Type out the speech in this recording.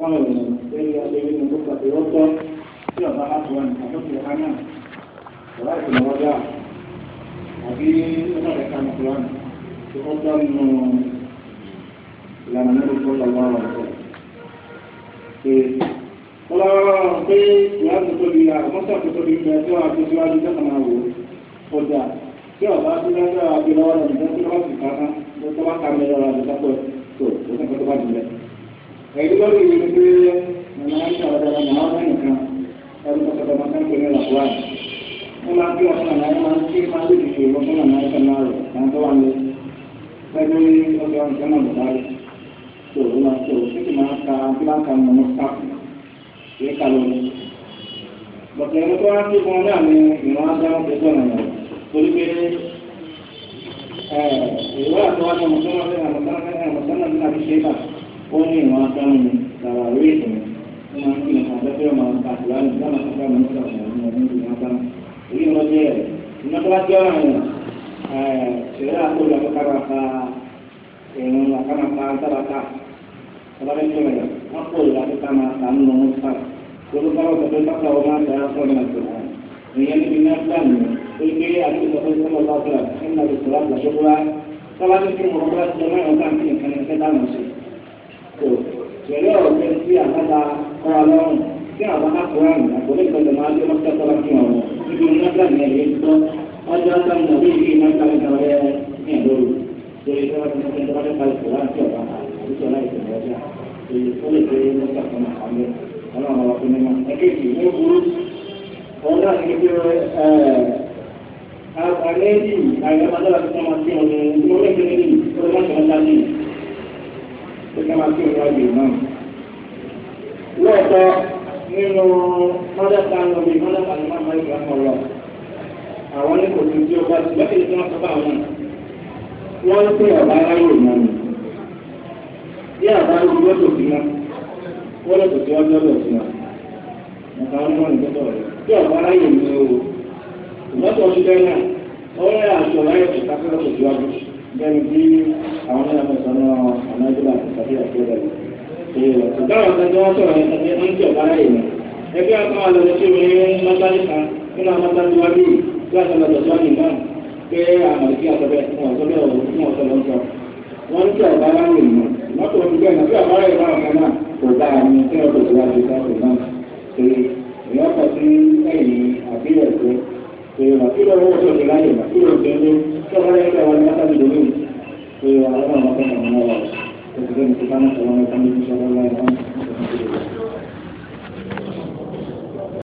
wọn ò ní lẹ́yìn abẹ́rẹ́ ní gbogbo àti rọ́tọ́ tí ọ̀bá má ti wà ní àtọ́kù ọ̀hán náà ọ̀rá ìpinnu ọjà àbí ọ̀nà ẹ̀ka ní kuran tí wọ́n dá nínú ìlànà mẹ́rin tó lọ́wọ́ àwọn ọ̀sẹ̀. pé wọ́n lọ rọrùn pé ìyá tó tóbi ya mọ́tò tó tóbi ń tí wọ́n á fi síwájú tẹ́kọ̀ máa wò ọjà tí ọ̀bá ti lọ́jọ́ àbí lọ́wọ́ lọ́wọ́ lọ́wọ́ ti èyí lórí ìwé màmá ń sọ̀rọ̀ dọ̀rọ̀ màmá ọ̀sẹ̀ nìkan ẹ̀rù pọ̀tọ̀tọ̀ màmá ń pèlè làkúrà wọ́n máa bí ọ̀sán àná máa ń kí máa ń lòdì sí ìwọ́n fún màmá ẹ̀sán náà rẹ̀ máa ń tọ́ wá lé pẹ̀lú ọjọ́ ìṣẹ́ náà bọ̀dá rẹ̀ tó o máa tó o sì ti máa ka bí máa ka mọ̀ mọ́ káàpù yẹ ká lọ ní. ẹni tó wá sí fún ọ náà ni ìwọ́n á dáhùn pé sọ̀rọ̀ yẹn torí àti wájú mùsùlùmí àti ó ní ìwọ̀n agbárin lára orí ìtọ̀rọ̀ tó máa ń kí ọ̀sán abẹ́fẹ́ ọmọ àtìláàmù láwọn akọ́kọ́ àwọn ọmọ ọ̀sán àwọn ọmọ ìwọ̀n agbárin èyí wọn jẹ́ iná tó bá jẹ́ ọ̀ràn yẹn ṣẹlẹ̀ àkójọ akọ́kọ́ ẹ̀rùn àkàmàkà sábàkà sábàkà wọn kó ìlà kíkà máa ta nínú wọn sá gbogbo báwọn kọfẹ bákan wọn máa tẹ̀lé fún ọmọ ìgbà ìyẹn níbi náà gbà mí wípé àti ìsọfún sọlọ bá gbà nínú ìsọlá gbàdúrà sábàkà tí mo rọ bá ti ọmọ ìwọ̀n káàkiri kan ní ẹgbẹ́ dáná ṣe tó pẹ̀lú ọ̀rọ̀ pé tí àwọn máa kọ́ra lọ́rùn tí àwọn akọ̀rọ̀ àmì àkọ́lé ìgbàgbọ́ máa dé wọ́n tẹ́kọ̀ọ́ kí wọn níbi nígbà ní ẹ̀yẹ tó ọjọ́ sáà ní ọdún yìí máa kárí kan rẹ̀ ní ìlóru torí pé wọ́n ti ní ẹjọ́ wọlé parí kò láti ọ̀gá àti ọ̀la ìṣẹ̀lẹ̀ ọjà èyí ó lè pé wọ́n tàkùn àmì ọlọ́run ọ̀rọ̀ fún mi náà. ẹ̀kejì ní burú òun náà ní pé àgbà lẹ́yìn àgbà máa dára fún ọmọ sí ọmọ tí ìyá lè náà. Lọ́ọ̀tọ́ nínú mọ́dẹ́ta ní omi mọ́dẹ́ta ní máa máa ń gbà lọ. Àwọn ní kò tún tí ó bá ti lọ́kì tí wọ́n sọ bá wọn. Wọ́n ń pè ọ̀bá aráyè náà ni. Bí àbá ń gbọ́ tó fi wọn, wọ́n lè tó tí wọ́n lọ́dọ̀ sí wọn. Nǹkan wọn ní wọ́n ń Bí ọ̀bá aráyè ni o, ìgbọ́dọ̀ ṣ lẹ́nu bí àwọn ní àwọn ìsọ̀nà ànájúlá tàbí àgbẹ̀rẹ̀ rẹ̀. ṣùgbọ́n àwọn ọ̀sẹ̀ tí wọ́n sọ̀rọ̀ yẹn tàbí wọ́n ń jẹ̀ bára yìí ẹgbẹ́ àwọn àlọ́lẹ̀ tí wọ́n yẹn ń lọ́tàlì kan nínú àwọn lọ́tàlì wá bí láti lọ́tọ̀ tó ní náà pé àmọ̀lẹ́kí àtọ́bẹ̀ fún ọ̀tọ́bẹ̀ fún ọ̀tọ́lọ́ ń sọ. wọ́n ń jẹ́ ọ̀bára yìí mọ̀ mọ́tò ń gbẹ̀ náà bí àbára kan náà kò bá a ní kí ọ̀tọ̀ tó wá sí náà pé ìyọ́pọ̀ sí ẹ̀yìn àbílẹ̀ tó pé àbílẹ̀ owó tó ti láyè náà que ahora no tengo nada.